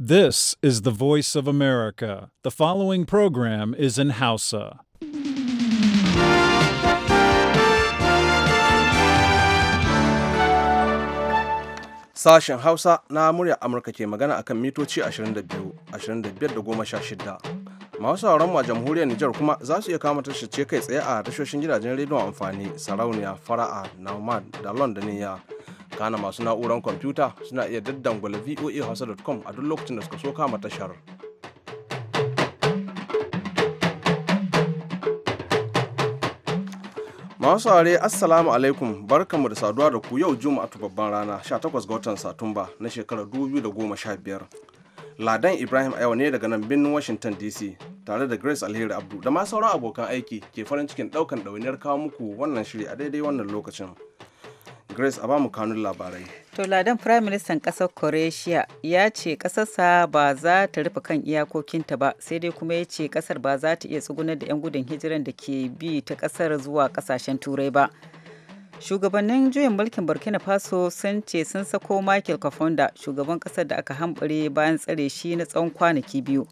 This is the voice of America. The following program is in Hausa. Sashen Hausa na murya Amurka ke magana a kan mitoci 22, 25-16. Masu sauran a jamhuriyar Nijar kuma za su iya kama tashar ce kai tsaye a tashoshin gidajen rediyon amfani, sarauniya, fara'a, Nauman da London ya. kana masu na'uran kwamfuta suna iya daddangwala voahausa.com a duk lokacin da suka so kama tashar. Masu are Assalamu alaikum barkanmu da saduwa da ku yau juma'a ta babban rana 18 ga watan Satumba na shekarar 2015. Ladan Ibrahim a yau ne daga nan birnin Washington DC tare da Grace Alheri Abdu da ma sauran abokan aiki ke farin cikin daukan ɗawainiyar kawo muku wannan shiri a daidai wannan lokacin. Grace a ba kanun labarai. To ladan Prime Minister kasar Croatia ya ce kasarsa ba za ta rufe kan iyakokinta ba sai dai kuma ya ce kasar ba za ta iya tsugunar da 'yan gudun hijiran da ke bi ta kasar zuwa kasashen turai ba. Shugabannin juyin mulkin Burkina Faso sun ce sun sako Michael Kafonda shugaban kasar da aka hambare bayan tsare shi na tsawon kwanaki biyu.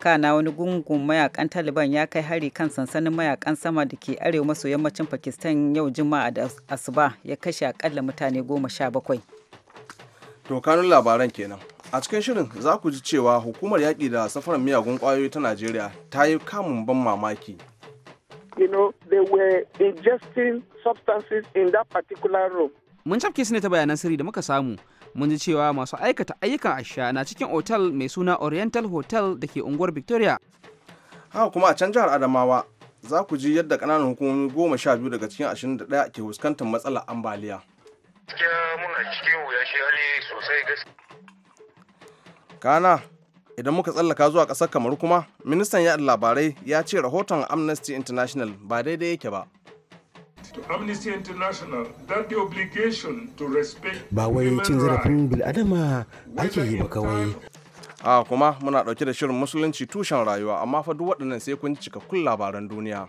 kana wani gungun mayakan taliban ya kai hari kan sansanin mayakan sama da ke arewa maso yammacin pakistan yau juma'a da asuba ya kashe akalla mutane goma sha bakwai to kanun labaran kenan a cikin shirin za ku ji cewa hukumar yaƙi da safarar miyagun ƙwayoyi ta najeriya ta yi kamun ban mamaki substances in that particular mun cafke su ne ta bayanan sirri da muka samu mun ji cewa masu aikata ayyukan asha na cikin otal mai suna oriental hotel da ke unguwar victoria haka kuma a can jihar adamawa za ku ji yadda kananan hukumomi goma sha biyu daga cikin ashirin da ɗaya ke fuskantar matsalar ambaliya kana idan muka tsallaka zuwa ƙasar kamar kuma ministan yaɗa labarai ya ce rahoton amnesty international ba daidai yake ba Ba wai cin zarafin bil'adama ake yi ba kawai. A ah, kuma muna dauke da shirin musulunci tushen rayuwa amma fa duk waɗannan sai kun cikakkun labaran duniya.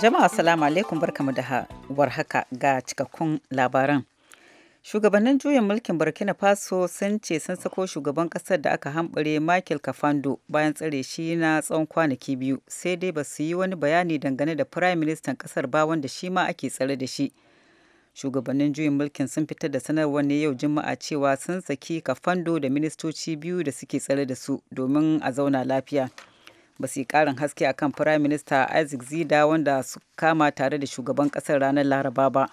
Jama'a salamu alaikum barkamu da warhaka ga cikakkun labaran. shugabannin juyin mulkin burkina faso sun ce sun sako shugaban kasar da aka hambare michael kafando bayan tsare shi na tsawon kwanaki biyu sai dai ba su yi wani bayani dangane da prime ministan kasar ba wanda shi ma ake tsare da shi shugabannin juyin mulkin sun fitar da sanarwar ne yau juma'a cewa sun saki kafando da ministoci biyu da suke tsare da su domin a zauna lafiya ba su yi karin haske akan prime minister isaac zida wanda su kama tare da shugaban kasar ranar laraba ba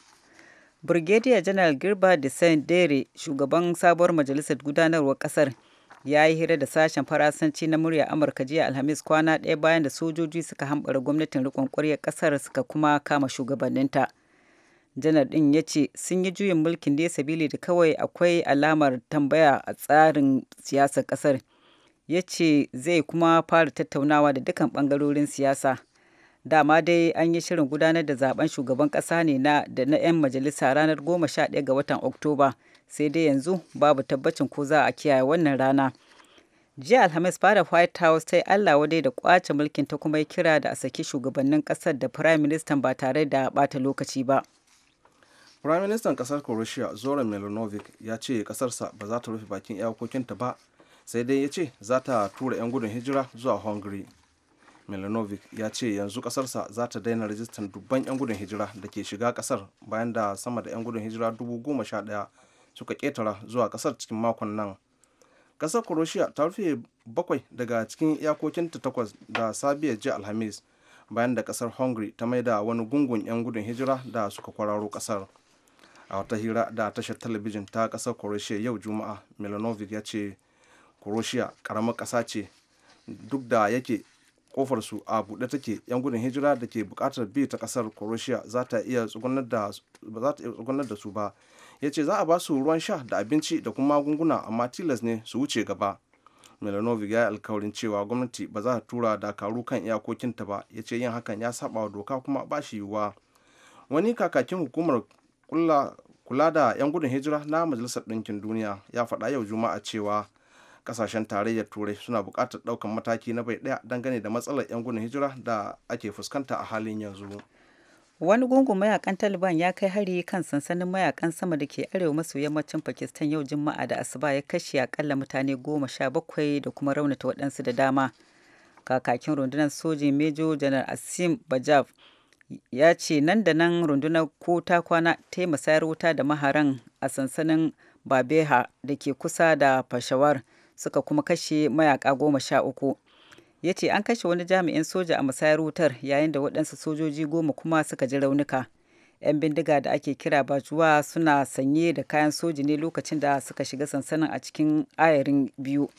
Brigadier General Girba de Dere, shugaban sabuwar majalisar gudanarwar kasar, ya yi hira da sashen faransanci na murya Amurka jiya Alhamis kwana ɗaya bayan da sojoji suka hambara gwamnatin riƙon ƙwaryar ƙasar suka kuma kama shugabanninta. Janar ɗin ya ce sun yi juyin mulkin da sabili da kawai akwai alamar tambaya a tsarin siyasar ƙasar. Ya ce zai kuma fara tattaunawa da dukkan ɓangarorin siyasa. dama dai an yi shirin gudanar da zaben shugaban kasa ne na da na 'yan majalisa ranar 11 ga watan oktoba sai dai yanzu babu tabbacin ko za a kiyaye wannan rana jiya alhamis fara white house ta yi allah wadai da kwace mulkin ta kuma kira da a saki shugabannin kasar da prime minister ba tare da bata lokaci ba prime minister kasar croatia zoran milanovic ya ce kasarsa ba za ta rufe bakin iyakokinta ba sai dai ya ce za ta tura 'yan gudun hijira zuwa hungary milanovic ya ce yanzu kasarsa za ta daina rajistan dubban 'yan gudun hijira da ke shiga kasar bayan da sama da 'yan gudun hijira ɗaya suka ketara zuwa kasar cikin makon nan kasar croatia ta rufe bakwai daga cikin iyakokinta takwas da sabiya jiya alhamis bayan da kasar hungary ta mai da wani gungun 'yan gudun hijira da suka kwararo kasar a wata hira da tashar talabijin ta kasar croatia yau juma'a milanovic ya ce croatia karamar kasa ce duk da yake kofar su a buɗe take yan gudun hijira da ke buƙatar bi ta ƙasar croatia za ta iya tsugunar da su ba ya ce za a ba su ruwan sha da abinci da kuma magunguna amma tilas ne su wuce gaba milanovic ya yi alkawarin cewa gwamnati ba za ta tura dakaru kan iyakokinta ba ya ce yin hakan ya saba wa doka kuma ba shi yiwuwa wani kakakin hukumar kula da 'yan gudun hijira na majalisar ɗinkin duniya ya faɗa yau juma'a cewa kasashen tarayyar turai suna bukatar daukan mataki na bai ɗaya dangane da matsalar 'yan gudun hijira da ake fuskanta a halin yanzu wani gungun mayakan taliban ya kai hari kan sansanin mayakan sama da ke arewa maso yammacin pakistan yau juma'a da asuba ya kashe akalla mutane goma sha bakwai da kuma raunata waɗansu da dama kakakin rundunar sojin mejo janar asim bajab ya ce nan da nan rundunar ko ta kwana ta yi musayar wuta da maharan a sansanin babeha da ke kusa da fashawar suka kuma kashe mayaka goma sha uku ya ce an kashe wani jami'in soja a musayar wutar yayin da waɗansu sojoji goma kuma suka ji raunuka 'yan bindiga da ake kira bajuwa suna sanye da kayan soji ne lokacin da suka shiga sansanin a cikin ayarin biyu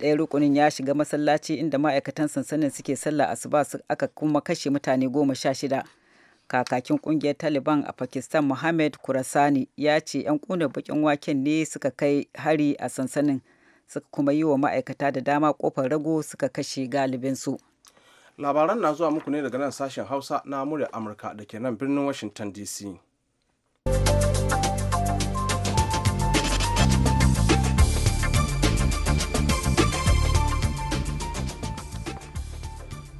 ɗaya rukunin ya shiga masallaci inda ma'aikatan sansanin suke sallah asuba aka kuma kashe mutane goma sha shida kakakin kungiyar taliban a pakistan mohammed kurasani ya ce 'yan ƙunar bakin waken ne suka kai hari a sansanin suka kuma yi wa ma'aikata da dama kofar rago suka kashe galibinsu. Labaran na zuwa muku ne daga nan sashen Hausa na murya Amurka da ke nan birnin Washington DC.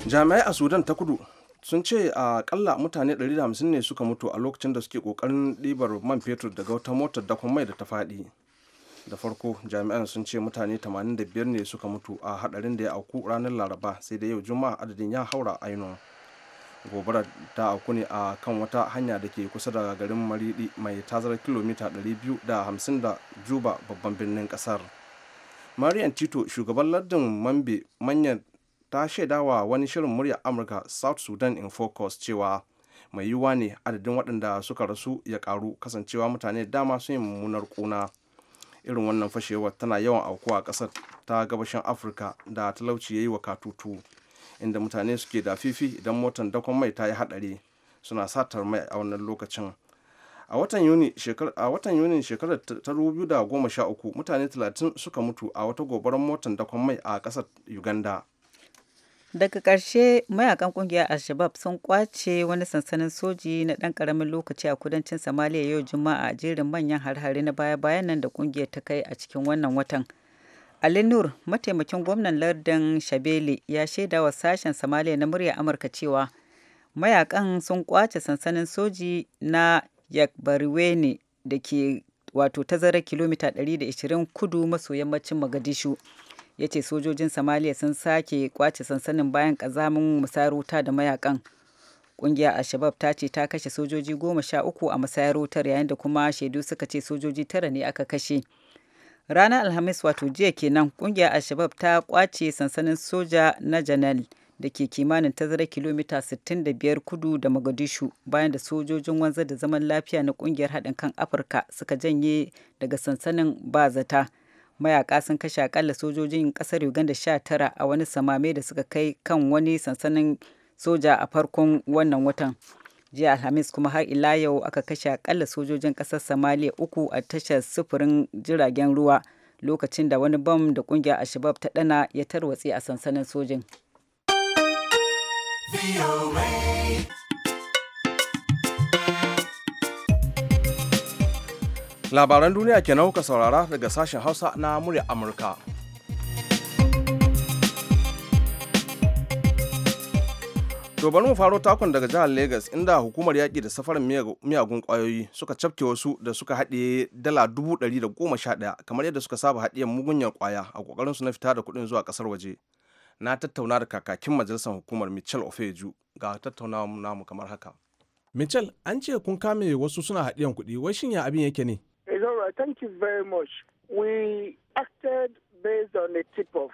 Jami'ai a Sudan ta kudu sun ce a kalla mutane 150 ne suka mutu a lokacin da suke kokarin ɗibar man fetur daga wata motar da dakon mai da ta faɗi. da farko jami'an sun ce mutane 85 ne suka mutu a hadarin da ya auku ranar laraba sai da yau juma'a adadin ya haura ainihin gobarar ta auku ne a kan wata hanya da ke kusa da garin maridi mai tazarar kilomita 250 da juba babban birnin kasar marian tito shugaban lardin mambe manyan ta shaidawa wani shirin murya amurka south sudan in focus cewa mai yiwuwa ne adadin waɗanda suka rasu ya karu kasancewa mutane dama sun yi mummunar kuna irin wannan fashewar tana yawan aukuwa a ƙasar ta gabashin afirka da talauci ya yi wa katutu inda mutane suke da fifi idan motar dakon mai ta yi haɗari suna satar mai a wannan lokacin a watan yuni shekarar ta 2013 mutane 30 suka mutu a wata gobarar motar dakon mai a ƙasar uganda daga ƙarshe mayakan ƙungiyar alshabab shabab sun kwace wani sansanin soji na ɗan ƙaramin lokaci a kudancin samaliya yau juma'a a jerin manyan har na baya-bayan nan da ƙungiyar ta kai a cikin wannan watan ali nur mataimakin gwamnan lardin shabele ya shaida wa sashen samaliya na murya amurka cewa mayakan sun kwace sansanin soji na yakbarwene da ke wato tazara kilomita 120 kudu maso yammacin magadishu ya ce sojojin samaliya sun sake kwace sansanin bayan kazamin musayar wuta da mayakan. a shabab ta ce ta kashe sojoji goma sha uku a musayar wutar yayin da kuma shaidu suka ce sojoji tara ne aka kashe. Ranar Alhamis wato jiya kenan ƙungiyar shabab ta kwace sansanin soja na Janel. da ke kimanin tazarar kilomita 65 kudu da Mogadishu bayan da sojojin wanzar da zaman lafiya na kungiyar haɗin kan Afirka suka janye daga sansanin ba zata. mayaka sun kashe akalla sojojin kasar uganda 19 a wani samame da suka kai kan wani sansanin soja a farkon wannan watan jiya alhamis kuma har ila yau aka kashe akalla sojojin kasar somalia uku a tashar sufurin jiragen ruwa lokacin da wani bam da kungiyar ashabab ta dana ya tarwatse a sansanin sojin. labaran duniya kenan kuka saurara daga sashen hausa na murya amurka To bari mu faro takon daga jihar Legas inda hukumar yaƙi da safarin miyagun ƙwayoyi suka cafke wasu da suka haɗe dala dubu ɗari da goma sha ɗaya kamar yadda suka saba haɗiyan mugunyar ƙwaya a ƙoƙarinsu na fita da kuɗin zuwa ƙasar waje. Na tattauna da kakakin majalisar hukumar Michel Ofeju ga tattaunawa namu kamar haka. Michel, an ce kun kame wasu suna haɗiyan kuɗi, wai shin ya abin yake ne? all right. Thank you very much. We acted based on a tip off.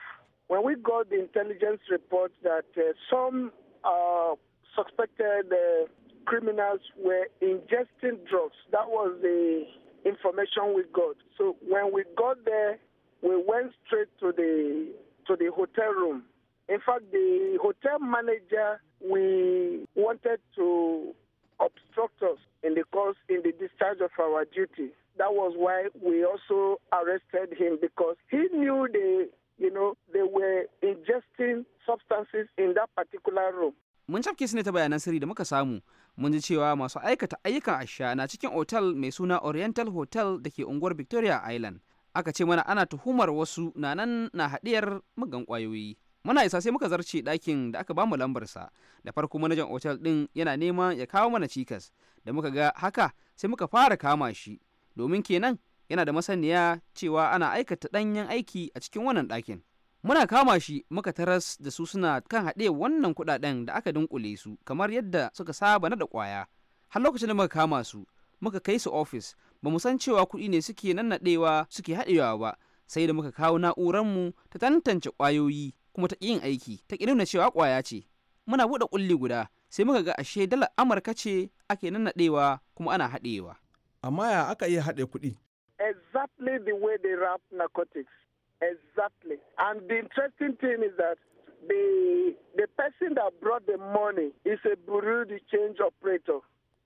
When we got the intelligence report that uh, some uh, suspected uh, criminals were ingesting drugs, that was the information we got. So when we got there, we went straight to the to the hotel room. In fact, the hotel manager we wanted to obstruct us in the course in the discharge of our duty. That was why we also arrested him because he knew the you know, they were ingesting substances in that particular room. Mun cafke su ne ta bayanan sirri da muka samu. Mun ji cewa masu aikata ayyukan asha na cikin otal mai suna Oriental Hotel da ke unguwar Victoria Island. Aka ce mana ana tuhumar wasu na nan na haɗiyar magan ƙwayoyi. muna isa sai muka zarce ɗakin da aka bamu lambarsa da farko manajan otal ɗin yana neman ya kawo mana cikas da muka ga haka sai muka fara kama shi domin kenan yana da masaniya cewa ana aikata ɗanyen aiki a cikin wannan ɗakin. Muna kama shi muka taras da su suna kan haɗe wannan kuɗaɗen da aka dunkule su kamar yadda suka saba na da ƙwaya. Har lokacin da muka kama su muka kai su ofis ba mu san cewa kuɗi ne suke nannaɗewa suke haɗewa ba sai da muka kawo mu ta tantance ƙwayoyi kuma ta yin aiki ta nuna cewa ƙwaya ce. Muna buɗe ƙulli guda sai muka ga ashe dalar Amurka ce ake nannaɗewa kuma ana haɗewa. Amma ya aka iya haɗe kuɗi? Exactly the way they wrap narcotics. Exactly. And the interesting thing is that the the person that brought the money is a Burundi change operator.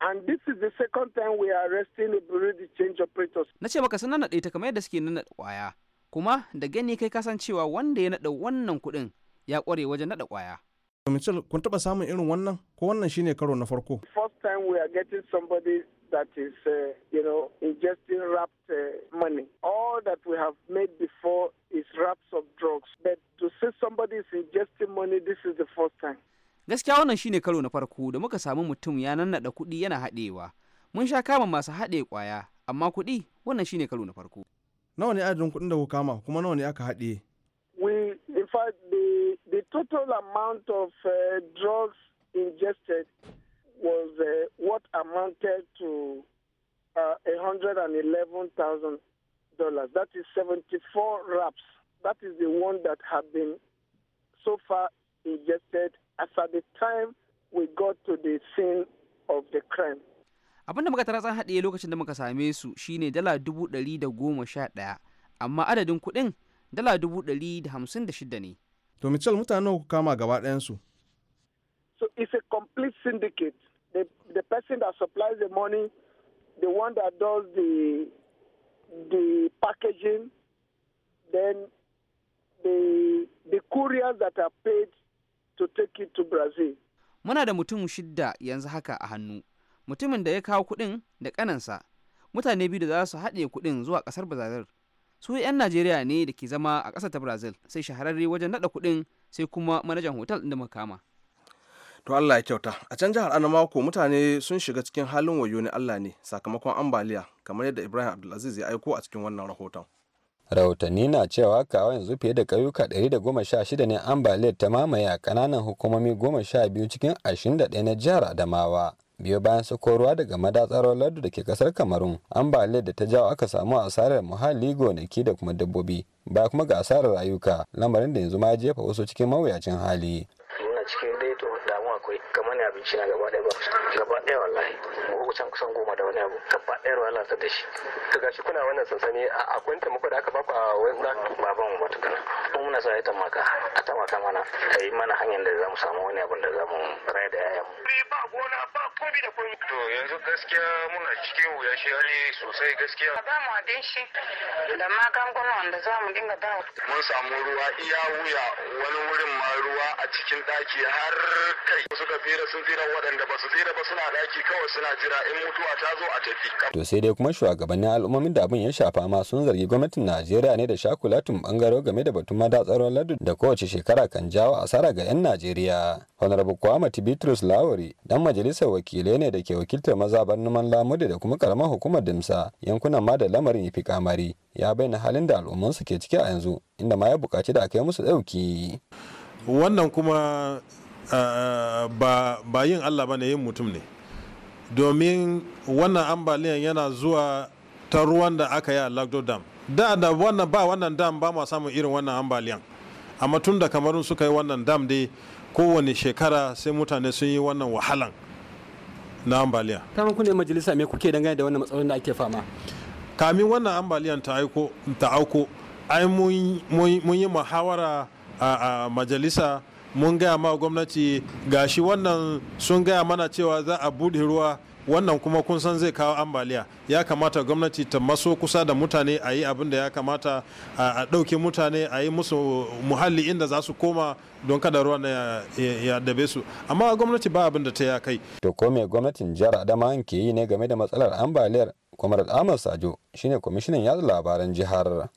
And this is the second time we are arresting a Burundi change operator. Na ce maka sanar naɗe ta kamar yadda suke nuna ƙwaya. Kuma da gani kai kasancewa wanda ya naɗa wannan kuɗin ya ƙware wajen naɗa ƙwaya. Mitchell, kun taɓa samun irin wannan ko wannan shine karo na farko? First time we are getting somebody that is, uh, you know, ingesting wrapped uh, money. All that we have made before is wraps of drugs. But to say somebody is ingesting money, this is the first time. Gaskiya wannan shine karo na farko da muka samu mutum ya nannaɗa kuɗi yana haɗewa. Mun sha kama masu haɗe ƙwaya, amma kuɗi wannan shine karo na farko. Nawa ne adadin kuɗin da kuka kama kuma nawa ne aka haɗe? We, in fact, the, the total amount of uh, drugs ingested was uh, what amounted to uh, $111,000. That is 74 wraps. That is the one that had been so far ingested as at the time we got to the scene of the crime. Abin da muka tara haɗe lokacin da muka same su shine dala dubu ɗari da goma sha ɗaya, amma adadin kuɗin dala dubu ɗari da hamsin da shida ne. To Mitchell mutane ku kama gaba ɗayansu. su. So it's a complete syndicate. The, the person that supplies the money, the one that does the the packaging, then the the couriers that are paid to take it to Brazil. Muna da mutum shidda yanzu haka a hannu. Mutumin da ya kawo kuɗin da ƙanansa, mutane biyu da za su haɗe kuɗin zuwa ƙasar Brazil. Su 'yan Najeriya ne da ke zama a ƙasar ta Brazil, sai shahararre wajen naɗa kuɗin sai kuma manajan hotel ɗin da makama. to Allah ya kyauta a can jihar Adamawa ko mutane sun shiga cikin halin wayo ne Allah ne sakamakon ambaliya kamar yadda Ibrahim Abdulaziz ya aiko a cikin wannan rahoton rahotanni na cewa kawo yanzu fiye da ƙauyuka 116 ne ambaliyar ta mamaye a kananan hukumomi 12 cikin 21 na jihar adamawa biyo bayan sako ruwa daga madatsar lardu da ke kasar kamarun ambaliyar da ta jawo aka samu asarar muhalli gonaki da kuma dabbobi ba kuma ga asarar rayuka lamarin da yanzu ma jefa wasu cikin mawuyacin hali cikin abinci gaba ɗaya ba gaba ɗaya wallahi wucin kusan goma da wani abu gaba ɗaya wallahi lantar da shi to gashi kuna wannan sansani a kwanta muku da aka ba ku a wani ba ban mu matukana kuma muna sa ya tamaka a tamaka mana kai mana hanyar da za mu samu wani abu da za mu da yayan ba gona ba bi da komi to yanzu gaskiya muna cikin wuya shi hali sosai gaskiya ba mu adin shi da magunguna wanda za mu dinga ba mun samu ruwa iya wuya wani wurin ma ruwa a cikin daki har kai wasu kafira sun fi tsira iren waɗanda ba su tsira ba suna daki kawai suna jira in mutuwa ta zo a tafi. To sai dai kuma shugabannin al'ummomin da abin ya shafa ma sun zargi gwamnatin Najeriya ne da shakulatun bangaro game da batun tsaron ladu da kowace shekara kan jawo asara ga 'yan Najeriya. Honorable Kwame Tibitrus Lawari dan majalisar wakilai ne da ke wakiltar maza numan Lamudi da kuma karamar hukumar Dimsa yankunan ma da lamarin ya fi kamari ya bayyana halin da al'ummansu ke ciki a yanzu inda ma ya buƙaci da a musu ɗauki. Wannan kuma Ah, ah, ba yin allah ba ne yin mutum ne domin wannan ambaliyan yana zuwa ta ruwan da aka yi a lagdo dam da da wannan ba wannan dam ba ma samun irin wannan ambaliyan amma tun da kamarun suka yi wannan dam dai kowane shekara sai mutane sun yi wannan wahalan na ambaliya kamar kuna majalisa me kuke dangane da wannan matsalolin da ake fama kamin wannan ambaliyan ta aiko ta auko ai mun yi muhawara a majalisa mun gaya ma gwamnati gashi wannan sun gaya mana cewa za a buɗe ruwa wannan kuma kun san zai kawo ambaliya ya kamata gwamnati ta maso kusa da mutane a yi abin da ya kamata a ɗauke mutane a yi musu muhalli inda za su koma don kada ruwan ya, ya dabe su amma gwamnati ba abin da ta ya kai to ko mai gwamnatin jihar adama ke yi ne game da matsalar ambaliyar kwamar amar sajo shine kwamishinan yatsa labaran jihar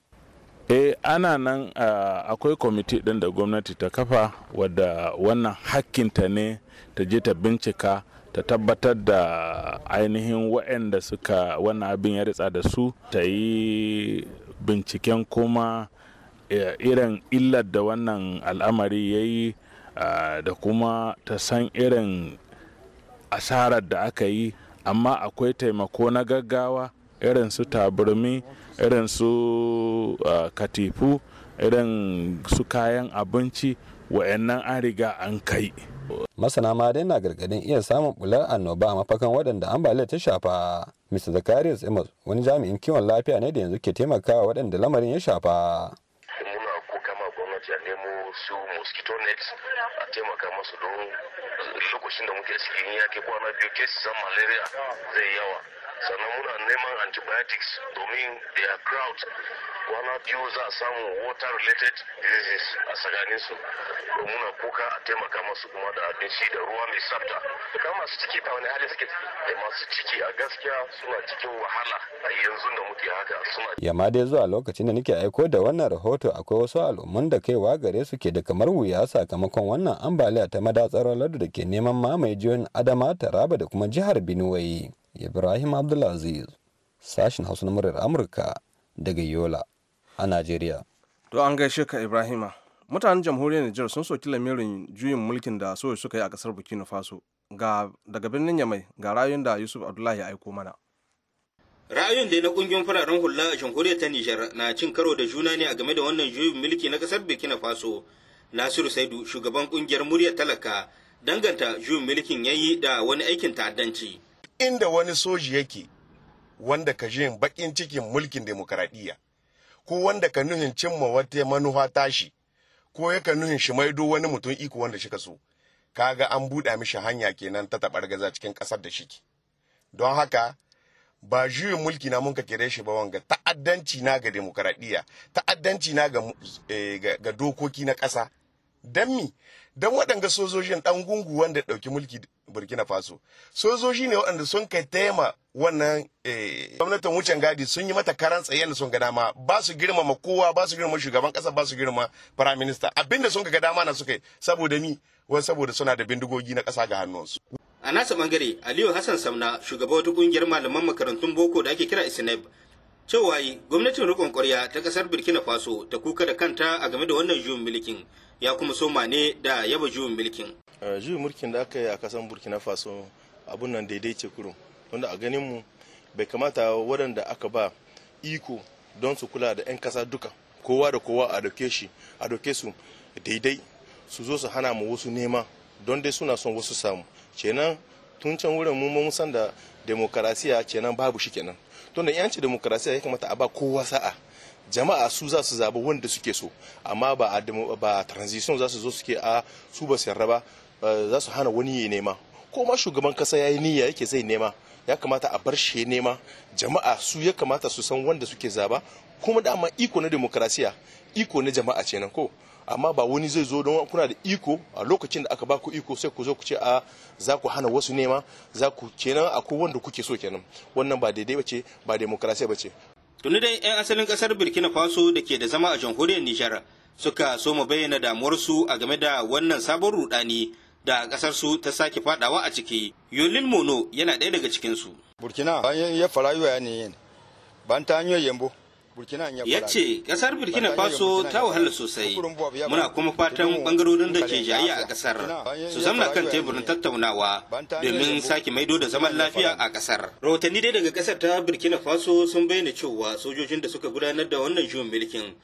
e ana nan uh, akwai kwamiti ɗin da gwamnati ta kafa wadda wannan hakkinta ne ta je ta bincika ta tabbatar da ainihin waɗanda suka wannan abin ya ritsa da su ta yi binciken kuma eh, irin illar da wannan al'amari ya yi ah, da kuma ta san irin asarar da aka yi amma akwai taimako na gaggawa irin su taburmi irin su katifu irin su kayan abinci wa'annan an riga an kai masana ma dai na gargadin iya samun bular annoba a mafakan waɗanda ambaliyar ta shafa mr zakarius amos wani jami'in kiwon lafiya ne da yanzu ke taimakawa waɗanda lamarin ya shafa gwamnati a nemo su mosquito net a taimaka masu don lokacin da muke cikin ya ke kwana biyu kesi san malaria zai yawa sannan muna neman antibiotics domin their crowd kwana biyu za a samu water related diseases a tsakanin su a kuka a taimaka masu kuma da abinci da ruwa mai tsafta kuma masu ciki ta wani hali suke da masu ciki a gaskiya suna cikin wahala a yanzu da muke haka suna yamma dai zuwa lokacin da nake aiko da wannan rahoto akwai wasu al'umman da kaiwa gare su ke da kamar wuya sakamakon wannan ambaliya ta madatsar ladu da ke neman mamaye jiyoyin adama taraba da kuma jihar benue Ibrahim Abdulaziz, sashin Hausa na muryar Amurka daga Yola a Najeriya. To an gaishe ka Ibrahima. Mutanen jamhuriyar Nijar sun soki lamirin juyin mulkin da so suka yi a kasar Burkina Faso. Ga daga birnin Yamai ga rayun da Yusuf Abdullahi ya aiko mana. ra'ayin da na kungiyoyin fararen hula a jamhuriyar ta Nijar na cin karo da juna ne a game da wannan juyin mulki na kasar Burkina Faso. Nasiru Saidu shugaban kungiyar muryar talaka danganta juyin mulkin yayi da wani aikin ta'addanci. inda wani soji yake wanda ka jin bakin cikin mulkin demokaradiyya ko wanda ka nuhin cimma wata manufa tashi ko ya ka nuhin shi maido wani mutum iko wanda shi ka so kaga an buɗa mishi hanya kenan ta taɓar gaza cikin ƙasar da shi shike don haka ba juyin mulki na munka kire shi ba wanga ta'addanci na ga demokaradiyya ta'addanci na eh, ga, dokoki na ƙasa dan mi dan waɗanga sojojin ɗan gungu wanda ɗauki mulki burkina faso sojoji ne waɗanda sun kai tema wannan eh, gwamnatin wucin gadi sun yi mata karan tsayen da sun ga dama ba su girmama kowa ba su girmama shugaban ƙasa ba su girmama prime abinda sun ga dama na suka yi saboda mi wani saboda suna da bindigogi na ƙasa ga hannunsu. a nasa bangare aliyu hassan samna shugaban wata kungiyar malaman makarantun boko da ake kira isnab cewa gwamnatin rikon kwarya ta kasar burkina faso ta kuka da kanta a game da wannan juyin mulkin ya kuma soma ne da yaba juyin mulkin eh, juyin mulkin da aka yi a kasan burkina faso abun nan daidai ce kurum wanda a ganin mu bai kamata waɗanda aka ba iko don su kula da 'yan ƙasa duka kowa da kowa a dauke shi a dauke su daidai su zo su hana mu wasu nema don dai suna son wasu samu kenan tun can wurin mu mun san da demokarasiya kenan babu shi kenan tunda yanci demokrasiya ya kamata a ba kowa sa'a jama'a su za su zaɓi wanda suke so amma ba ba transition za su zo suke a su ba su ba za su hana wani ya nema ko ma shugaban kasa ya yi niyya yake zai nema ya kamata a bar shi nema jama'a su ya kamata su san wanda suke zaba kuma dama iko na demokrasiya iko na jama'a ce nan ko amma ba wani zai zo don kuna da iko a lokacin da aka ba ku iko sai ku zo ku ce a ah, za ku hana wasu nema za ku kenan akwai wanda kuke so kenan wannan ba daidai bace ba demokrasiya bace tuni dai 'yan asalin kasar burkina faso da ke da zama a jamhuriyar nijar suka so mu bayyana damuwarsu a game da wannan sabon rudani da kasar su ta sake fadawa a ciki yolin mono yana daya daga cikinsu burkina ya fara ne ban ta hanyoyin yambo ya ce kasar burkina faso ta wahala sosai muna kuma fatan bangarorin da ke jayi a kasar su zamna kan teburin tattaunawa domin sake maido da zaman lafiya a kasar rahotanni dai daga kasar ta burkina faso sun bayyana cewa sojojin da suka gudanar da wannan juyin mulkin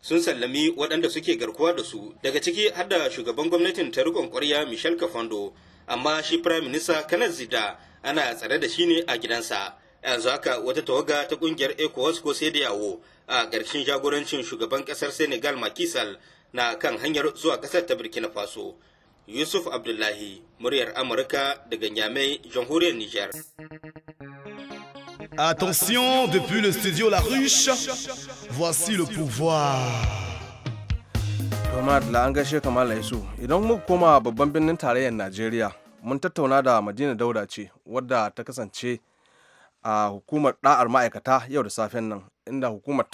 sun sallami waɗanda suke garkuwa da su daga ciki har da shugaban gwamnatin ta riƙon ƙwarya michel kafando amma shi firayim minista kanar zida ana tsare da shi ne a gidansa yanzu haka wata tawaga ta kungiyar ecowas ko sai da yawo a ƙarshen jagorancin shugaban ƙasar senegal makisal na kan hanyar zuwa ƙasar ta burkina faso yusuf abdullahi muryar amurka daga nyamai jamhuriyar niger Attention, depuis le studio La Ruche, voici le pouvoir. Tomar la an gaishe Kamal idan muka koma babban birnin tarayyar Najeriya mun tattauna da Madina Dauda ce wadda ta kasance a hukumar da'ar ma'aikata yau da safen nan inda hukumar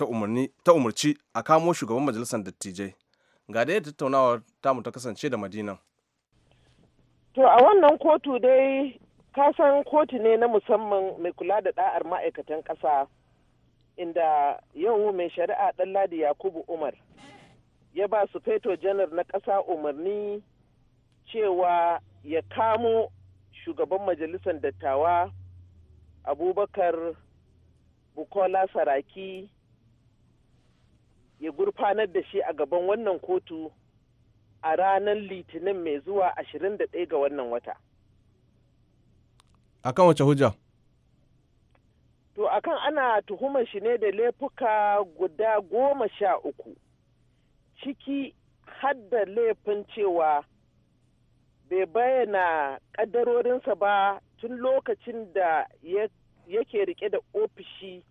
ta umarci a kamo shugaban majalisar dattijai ga da tattaunawar tamu ta kasance da madina to a wannan kotu dai kasan kotu ne na musamman mai kula da da'ar ma'aikatan ƙasa inda yau mai shari'a ɗanladi yakubu umar ya ba su feto janar na ƙasa umarni cewa ya kamo shugaban majalisar dattawa abubakar bukola saraki ya gurfanar da shi a gaban wannan kotu a ranar litinin mai zuwa 21 ga wannan wata akan wace hujja to akan ana tuhumar shi ne da laifuka guda goma sha uku ciki hadda laifin cewa bai bayyana ƙaddarorinsa ba tun lokacin da ya yake rike da ofishi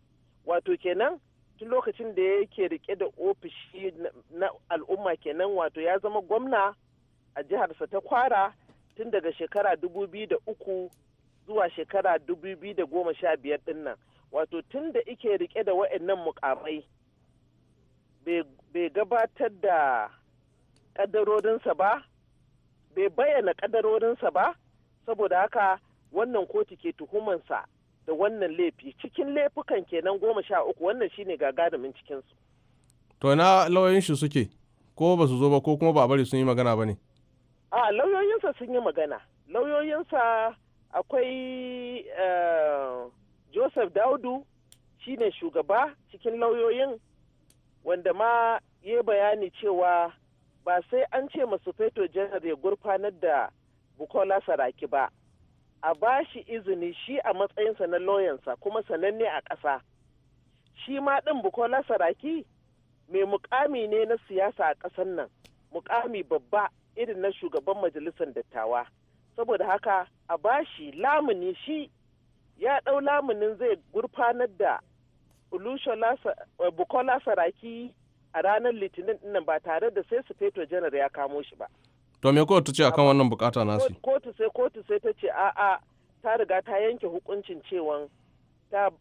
wato kenan tun lokacin da yake rike da ofishi na al'umma kenan wato ya zama gwamna a jiharsa ta kwara tun daga shekara 2003 zuwa shekara 2015 din nan wato tun da ike rike da wa'annan mukamai bai gabatar da ƙadarorinsa ba bai bayyana ƙadarorinsa ba saboda haka wannan kotu ke tuhumansa da wannan laifi cikin laifukan kenan goma sha uku wannan shine gagarumin cikinsu. To na lauyoyin shi suke ko ba su zo ba ko kuma ba bari sun yi magana ba ne? A lauyoyinsa sun yi magana. Lauyoyinsa akwai eh, Joseph Daudu shine shugaba cikin lauyoyin wanda ma ya bayani cewa ba sai an ce masu feto janar ya gurfanar da Bukola Saraki ba. a ba shi izini shi a matsayinsa na loyansa kuma sananne a ƙasa shi ma ɗin bukola saraki mai mukami ne na siyasa a ƙasar nan mukami babba irin na shugaban majalisar dattawa saboda haka a bashi lamuni shi ya ɗau lamunin zai gurfanar da eh, bukola saraki a ranar litinin nan ba tare da sai su feto janar ya kamo shi ba to me kotu ce akan wannan bukata nasu kotu sai kotu sai ta ce a'a ta riga ta yanke hukuncin cewa ta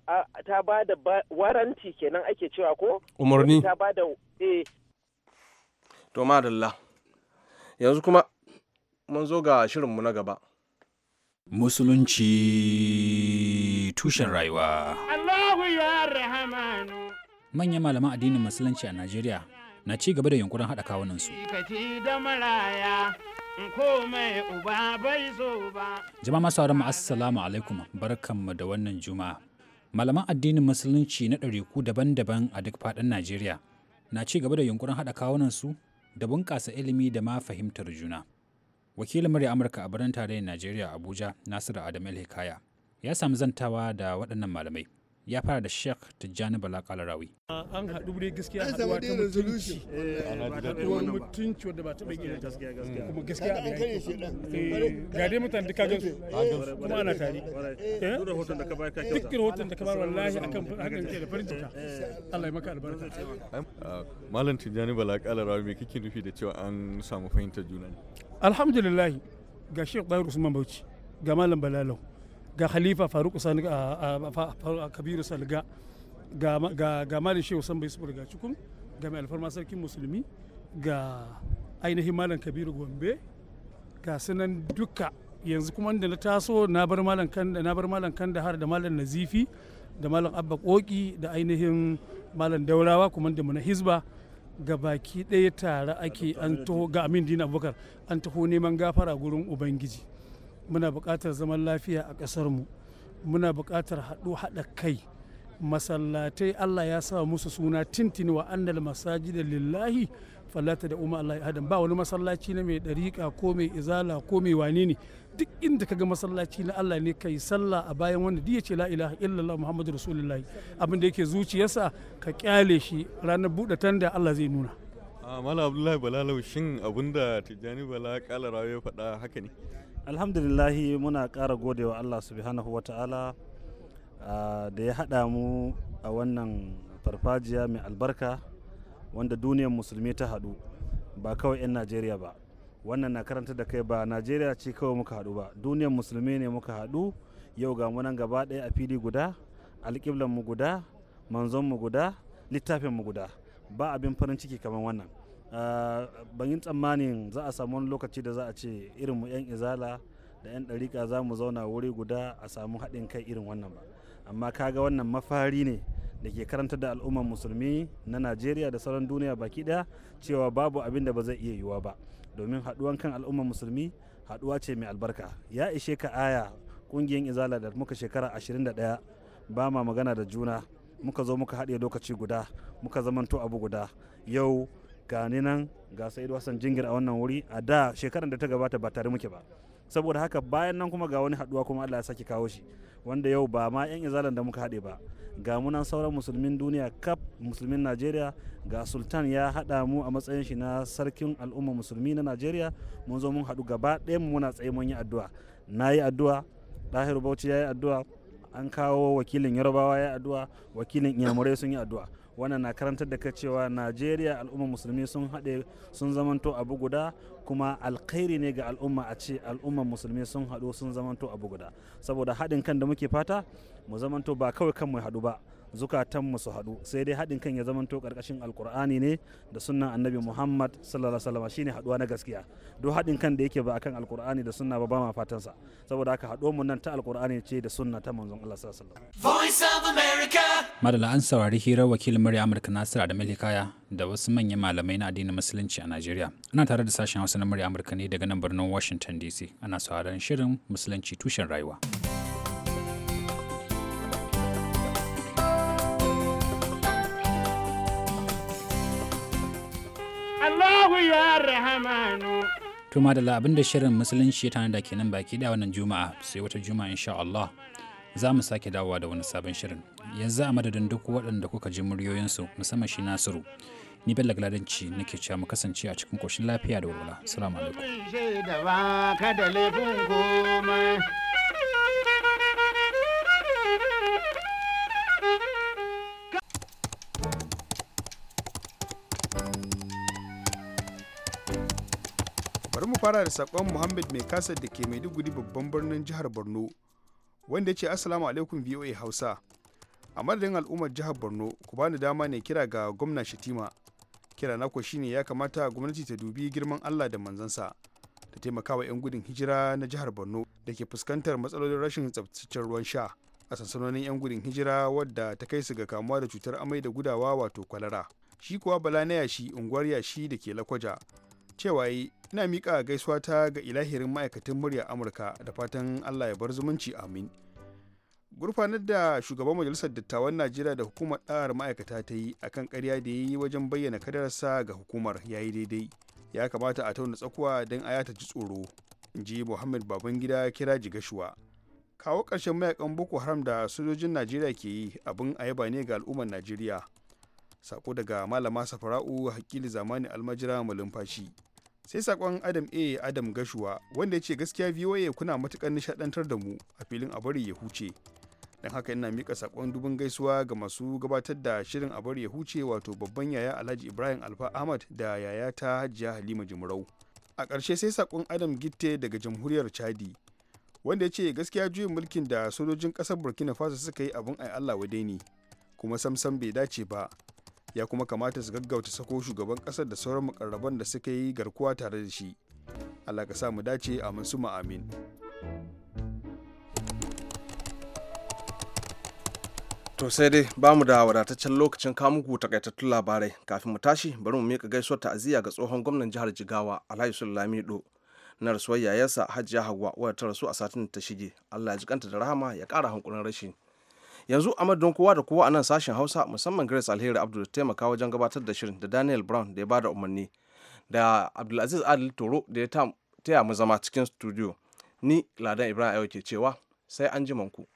ba da waranti kenan ake cewa ko umarni ta ba da eh. to madalla yanzu kuma mun zo ga shirinmu na gaba musulunci tushen rayuwa Allahu ya rahamanu manyan malaman addinin musulunci a Najeriya na ci gaba da yunkurin haɗa su Jama'a masu mu assalamu alaikum barkanmu da wannan juma'a. Malaman addinin musulunci na ɗariku daban-daban a duk faɗin Najeriya na ci gaba da yunkurin haɗa su da bunƙasa ilimi da ma fahimtar juna. Wakilin murya Amurka a birnin tarayyar Najeriya Abuja Nasiru adamu El Hikaya ya sami zantawa da waɗannan malamai. ya fara da sheikh tijjani bala kalarawi an haɗu dai gaskiya haɗuwa ta mutunci eh, eh, ta mutunci wadda ba taɓa irin ta kuma gaskiya an kare shi eh, ga dai mutan duka gansu kuma ana tare dukkan hoton da ka bayar ka kyauta duk wallahi akan hakan ke da farin jika Allah ya maka albarka uh, malam tijjani bala kalarawi me kike nufi da cewa an samu fahimtar juna ne alhamdulillah ga sheikh Dairu Usman Bauchi ga malam Balalau ga khalifa faruk sani kabiru salga ga malin shehu san bai ga cikun ga mai alfarma sarkin musulmi ga ainihin malam kabiru gombe ga sunan duka yanzu kuma da na taso na bar malam kanda na bar malam kanda har da malam nazifi da malam abba koki da ainihin malam daurawa kuma da muna hizba ga baki ɗaya tare ake an taho ga amin dina abubakar an taho neman gafara gurin ubangiji muna buƙatar zaman lafiya a ƙasar mu muna buƙatar haɗu haɗa kai masallatai Allah ya sa musu suna tintini wa annal masajida lillahi fallata da umma Allah ya ba wani masallaci na mai dariƙa ko mai izala ko mai wani ne duk inda kaga masallaci na Allah ne kai sallah a bayan wanda duk yace la ilaha illallah muhammadu rasulullahi abin da yake zuciyarsa ka kyale shi ranar buɗe tanda Allah zai nuna Mala Abdullahi Balalau abinda Tijjani Bala kala ya faɗa haka ne? Alhamdulillahi muna ƙara godewa Allah subhanahu wa ta'ala da ya haɗa mu a wannan farfajiya mai albarka wanda duniyar musulmi ta haɗu ba kawai 'yan Najeriya ba. Wannan na karanta da kai ba Najeriya ce kawai muka haɗu ba duniyar musulmi ne muka haɗu yau ga munan gaba ɗaya a fili guda alƙiblan mu guda manzon mu guda littafin mu guda. ba abin farin ciki kamar wannan ah, ban yi tsammanin za a samu wani lokaci da za a ce irin mu 'yan izala da 'yan ɗarika za mu zauna wuri guda a samu haɗin kai irin wannan ba amma kaga wannan mafari ne da ke karantar da al'ummar musulmi na najeriya da sauran duniya baki ɗaya cewa babu abin da ba zai iya yiwuwa ba domin haɗuwan kan al'ummar musulmi haɗuwa ce mai albarka ya ishe ka aya ƙungiyar izala da muka shekara 21 ba ma magana da juna muka zo muka haɗe lokaci guda muka zamanto abu guda yau ga ni nan ga sa'idu wasan jingir a wannan wuri a da shekarar da ta gabata ba tare muke ba saboda haka bayan nan kuma ga wani haduwa kuma Allah ya saki kawo shi wanda yau ba ma yan izalan da muka haɗe ba ga munan sauran musulmin duniya kap musulmin Najeriya ga sultan ya haɗa mu a matsayin shi na sarkin al'umma musulmi na Najeriya mun zo mun haɗu gaba ɗayan muna tsaye mun yi addu'a na yi addu'a Dahiru Bauchi ya yi addu'a an kawo wakilin yarbawa ya addu'a wakilin inyamurai sun yi addu'a wannan na karantar da ka cewa najeriya al'umma musulmi sun haɗe sun zamanto abu guda kuma alkhairi ne ga al'umma a ce al'umma musulmi sun haɗu sun zamanto abu guda saboda haɗin kan da muke fata mu zamanto ba kawai kan mu haɗu ba zukatanmu su haɗu sai dai haɗin kan ya zamanto ƙarƙashin alkur'ani ne da sunnan annabi muhammad sallallahu alaihi wasallam shine haɗuwa na gaskiya duk haɗin kan da yake ba akan alkur'ani da sunna ba ba ma fatan sa saboda haka haɗo mu nan ta alkur'ani ce da sunna ta manzon Allah sallallahu alaihi wasallam madalla an saurari hirar wakilin murya amurka nasir adam kaya da wasu manyan malamai na addinin musulunci a najeriya ana tare da sashen hausa na murya amurka ne daga nan birnin washington dc ana sauraron shirin musulunci tushen rayuwa To da abin da shirin musulunci ya tanada nan baki da wannan juma'a sai wata juma'a insha Allah za mu sake dawowa da wani sabon shirin yanzu a madadin duk waɗanda kuka ji muryoyinsu musamman shi Nasiru ni Bello Gladanci nake cewa mu kasance a cikin koshin lafiya da walwala assalamu alaikum bari mu fara da sakon muhammad mai kasar da ke maiduguri babban birnin jihar borno wanda ya ce assalamu alaikum voa hausa a madadin al'ummar jihar borno ku bani dama ne kira ga gwamna shatima kira na ko shine ya kamata gwamnati ta dubi girman allah da manzansa da taimakawa 'yan gudun hijira na jihar borno da ke fuskantar matsalolin rashin tsabtataccen ruwan sha a sansanonin 'yan gudun hijira wadda ta kai su ga kamuwa da cutar amai da gudawa wato kwalara shi kuwa bala na yashi unguwar yashi da ke lakwaja cewa yi ina miƙa gaisuwa ta ga ilahirin ma'aikatan murya amurka da fatan allah ya bar zumunci amin gurfanar da shugaban majalisar dattawan najeriya da hukumar ɗa'ar ma'aikata ta yi akan karya da ya yi wajen bayyana kadararsa ga hukumar ya yi daidai ya kamata a tauna tsakuwa don a yata ji tsoro in ji muhammad babangida kira gashuwa kawo ƙarshen mayakan boko haram da sojojin najeriya ke yi abin a yaba ne ga al'ummar najeriya sako daga malama safara'u hakili zamani almajira malumfashi sai sakon adam a adam gashuwa wanda ya ce gaskiya voa kuna matukar nishadantar da mu a filin a bari ya huce don haka ina mika sakon dubin gaisuwa ga masu gabatar da shirin a bari ya huce wato babban yaya alhaji ibrahim alfa ahmad da yaya ta hajiya halima jimarau a ƙarshe sai sakon adam gitte daga jamhuriyar chadi wanda ya ce gaskiya juyin mulkin da sojojin ƙasar burkina faso suka yi abin ai allah wadai ne kuma samsam bai dace ba ya kuma kamata su gaggauta sako shugaban kasar da sauran makarraban da suka yi garkuwa tare da shi allah ka sa dace a suma amin To sai dai ba mu da wadataccen lokacin kamuku takaitattun labarai kafin mu tashi bari mu mika gaisuwar ta'aziyya ga tsohon gwamnan jihar Jigawa Alhaji Sulami Do na rasuwar yayarsa Hajiya hawa wadda ta rasu a satin da ta shige. Allah ya jikanta da rahama ya kara hankulin rashin. yanzu a madadin kowa da kowa a nan sashen hausa musamman grace alheri abdul taimaka wajen gabatar da shirin da daniel brown da ya bada umarni da abdulaziz adil toro da ya taya mu zama cikin studio ni ladan ibrahim ayo ke cewa sai an ku.